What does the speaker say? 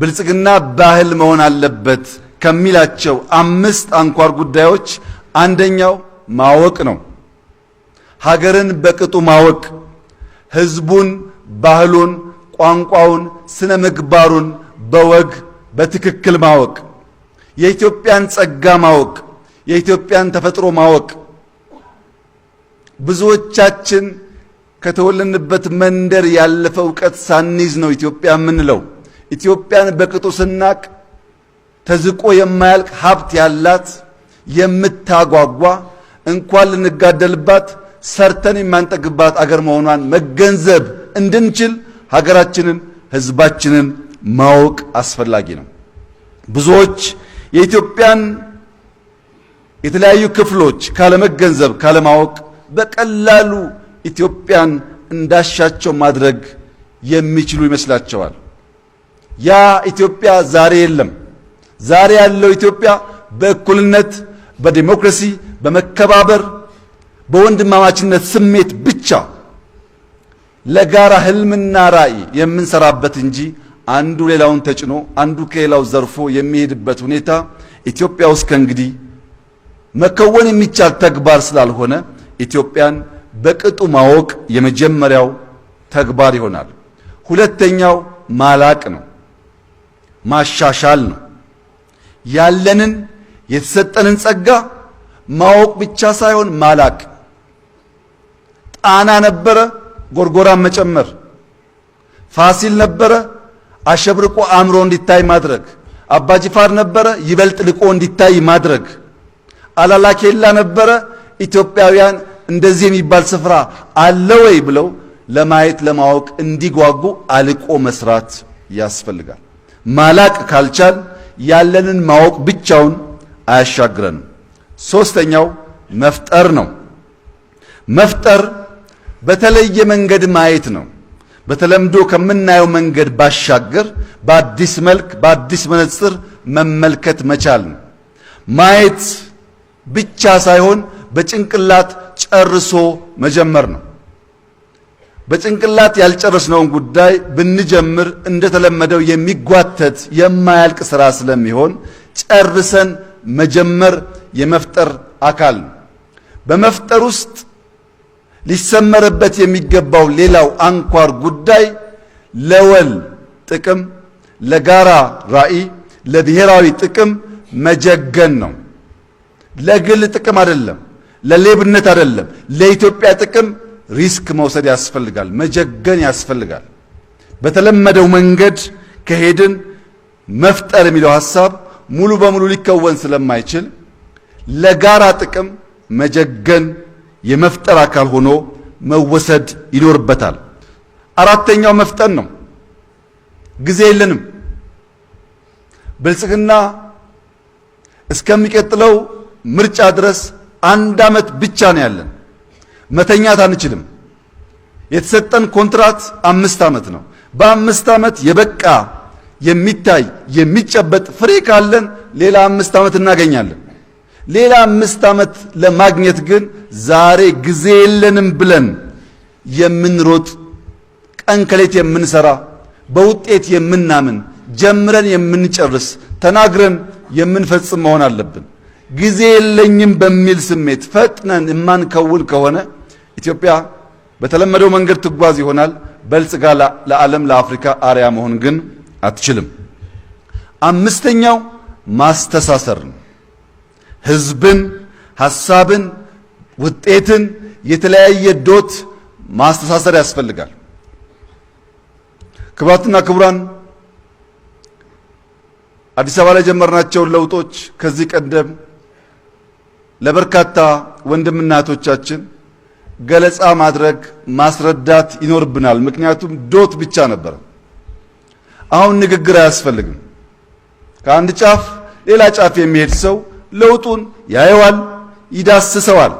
ብልጽግና ባህል መሆን አለበት ከሚላቸው አምስት አንኳር ጉዳዮች አንደኛው ማወቅ ነው። ሀገርን በቅጡ ማወቅ፣ ህዝቡን፣ ባህሉን፣ ቋንቋውን፣ ስነ ምግባሩን በወግ በትክክል ማወቅ፣ የኢትዮጵያን ጸጋ ማወቅ፣ የኢትዮጵያን ተፈጥሮ ማወቅ። ብዙዎቻችን ከተወለድንበት መንደር ያለፈ እውቀት ሳንይዝ ነው ኢትዮጵያ የምንለው። ኢትዮጵያን በቅጡ ስናቅ ተዝቆ የማያልቅ ሀብት ያላት የምታጓጓ እንኳን ልንጋደልባት ሰርተን የማንጠግባት አገር መሆኗን መገንዘብ እንድንችል ሀገራችንን፣ ህዝባችንን ማወቅ አስፈላጊ ነው። ብዙዎች የኢትዮጵያን የተለያዩ ክፍሎች ካለመገንዘብ፣ ካለማወቅ በቀላሉ ኢትዮጵያን እንዳሻቸው ማድረግ የሚችሉ ይመስላቸዋል። ያ ኢትዮጵያ ዛሬ የለም። ዛሬ ያለው ኢትዮጵያ በእኩልነት፣ በዲሞክራሲ፣ በመከባበር፣ በወንድማማችነት ስሜት ብቻ ለጋራ ህልምና ራዕይ የምንሰራበት እንጂ አንዱ ሌላውን ተጭኖ አንዱ ከሌላው ዘርፎ የሚሄድበት ሁኔታ ኢትዮጵያ ውስጥ ከእንግዲህ መከወን የሚቻል ተግባር ስላልሆነ ኢትዮጵያን በቅጡ ማወቅ የመጀመሪያው ተግባር ይሆናል። ሁለተኛው ማላቅ ነው። ማሻሻል ነው። ያለንን የተሰጠንን ጸጋ ማወቅ ብቻ ሳይሆን ማላቅ። ጣና ነበረ፣ ጎርጎራን መጨመር። ፋሲል ነበረ፣ አሸብርቆ አምሮ እንዲታይ ማድረግ። አባጅፋር ነበረ፣ ይበልጥ ልቆ እንዲታይ ማድረግ። አላላኬላ ነበረ። ኢትዮጵያውያን እንደዚህ የሚባል ስፍራ አለ ወይ ብለው ለማየት ለማወቅ እንዲጓጉ አልቆ መስራት ያስፈልጋል። ማላቅ ካልቻል ያለንን ማወቅ ብቻውን አያሻግረንም። ሶስተኛው መፍጠር ነው። መፍጠር በተለየ መንገድ ማየት ነው። በተለምዶ ከምናየው መንገድ ባሻገር በአዲስ መልክ በአዲስ መነጽር መመልከት መቻል ነው። ማየት ብቻ ሳይሆን በጭንቅላት ጨርሶ መጀመር ነው። በጭንቅላት ያልጨረስነውን ጉዳይ ብንጀምር እንደተለመደው የሚጓተት የማያልቅ ስራ ስለሚሆን ጨርሰን መጀመር የመፍጠር አካል ነው። በመፍጠር ውስጥ ሊሰመርበት የሚገባው ሌላው አንኳር ጉዳይ ለወል ጥቅም፣ ለጋራ ራዕይ፣ ለብሔራዊ ጥቅም መጀገን ነው። ለግል ጥቅም አይደለም፣ ለሌብነት አይደለም፣ ለኢትዮጵያ ጥቅም ሪስክ መውሰድ ያስፈልጋል፣ መጀገን ያስፈልጋል። በተለመደው መንገድ ከሄድን መፍጠር የሚለው ሐሳብ ሙሉ በሙሉ ሊከወን ስለማይችል ለጋራ ጥቅም መጀገን የመፍጠር አካል ሆኖ መወሰድ ይኖርበታል። አራተኛው መፍጠን ነው። ጊዜ የለንም። ብልጽግና እስከሚቀጥለው ምርጫ ድረስ አንድ ዓመት ብቻ ነው ያለን። መተኛት አንችልም። የተሰጠን ኮንትራት አምስት ዓመት ነው። በአምስት ዓመት የበቃ የሚታይ የሚጨበጥ ፍሬ ካለን ሌላ አምስት ዓመት እናገኛለን። ሌላ አምስት ዓመት ለማግኘት ግን ዛሬ ጊዜ የለንም ብለን የምንሮጥ ቀን ከሌት የምንሰራ በውጤት የምናምን ጀምረን የምንጨርስ ተናግረን የምንፈጽም መሆን አለብን። ጊዜ የለኝም በሚል ስሜት ፈጥነን የማንከውን ከሆነ ኢትዮጵያ በተለመደው መንገድ ትጓዝ ይሆናል። በልጽጋ ለዓለም ለአፍሪካ አርያ መሆን ግን አትችልም። አምስተኛው ማስተሳሰር ነው። ህዝብን፣ ሀሳብን፣ ውጤትን የተለያየ ዶት ማስተሳሰር ያስፈልጋል። ክቡራትና ክቡራን አዲስ አበባ ላይ ጀመርናቸውን ለውጦች ከዚህ ቀደም ለበርካታ ወንድምና እህቶቻችን ገለጻ ማድረግ ማስረዳት ይኖርብናል። ምክንያቱም ዶት ብቻ ነበረ። አሁን ንግግር አያስፈልግም። ከአንድ ጫፍ ሌላ ጫፍ የሚሄድ ሰው ለውጡን ያየዋል፣ ይዳስሰዋል።